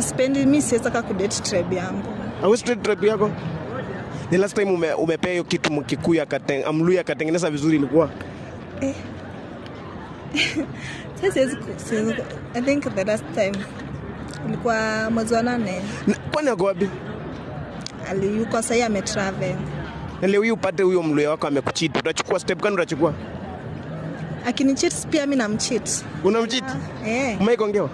Sipendi, mi siweza ka kudate tribe yangu. Hauwezi kudate tribe yako? The last time ume, umepea hiyo kitu Mkikuyu akateng, Amluya akatengeneza vizuri ilikuwa eh. Siwezi, siwezi, I think the last time ilikuwa mwezi wa nane. Kwani ako wapi? Aliyuko sahii ametravel. Na leo hii upate huyo Mluya wako amekuchiti, utachukua step gani? Utachukua akinichiti pia, mi namchiti. Unamchiti? Ah, eh, mwaikoongewa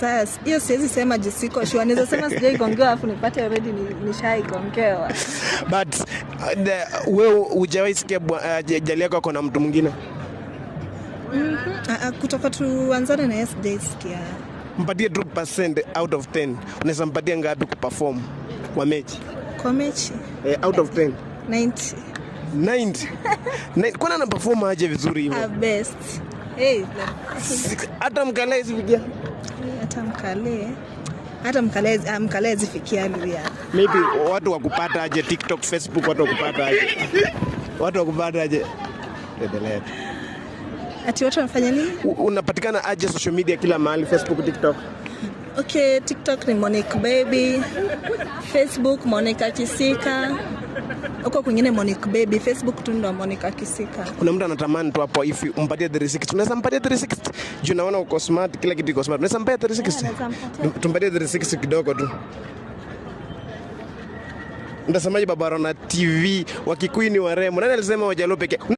sasa hiyo siwezi sema jisiko shua, naweza sema sijaigongewa afu nipate already nishaigongewa. But uh, wewe hujawahi sikia uh, jali yako ako na mtu mwingine? mm -hmm. uh, kutoka tuanzane na yeye sijaisikia. Mpatie percent out of 10, unaweza mpatia ngapi kuperform kwa mechi? Kwa mechi eh, out of 10 90 90 kwani anaperform aje vizuri hivyo? Best hey, hata mkalaisi vijana Mkale hata Mkale azifikia ah, lia. Maybe watu wakupata aje TikTok, Facebook, watu wakupata aje? Watu wakupata aje? Endelea. Ati watu wanafanya nini? Unapatikana aje social media kila mahali, Facebook, TikTok? Okay, TikTok ni Monique Baby, Facebook Monica Kisika, huko kwingine Monique Baby, Facebook tu ndo Monica Kisika. Kuna mtu anatamani tu hapo if umpatie 360. Unaweza mpatie 360? Juu naona uko smart, kila kitu iko smart. Unaweza mpatie 360? Tumpatie 360 kidogo tu. Mtasemaje Baba Rona TV, Wakikuyu ni warembo. Nani alisema Wajaluo pekee?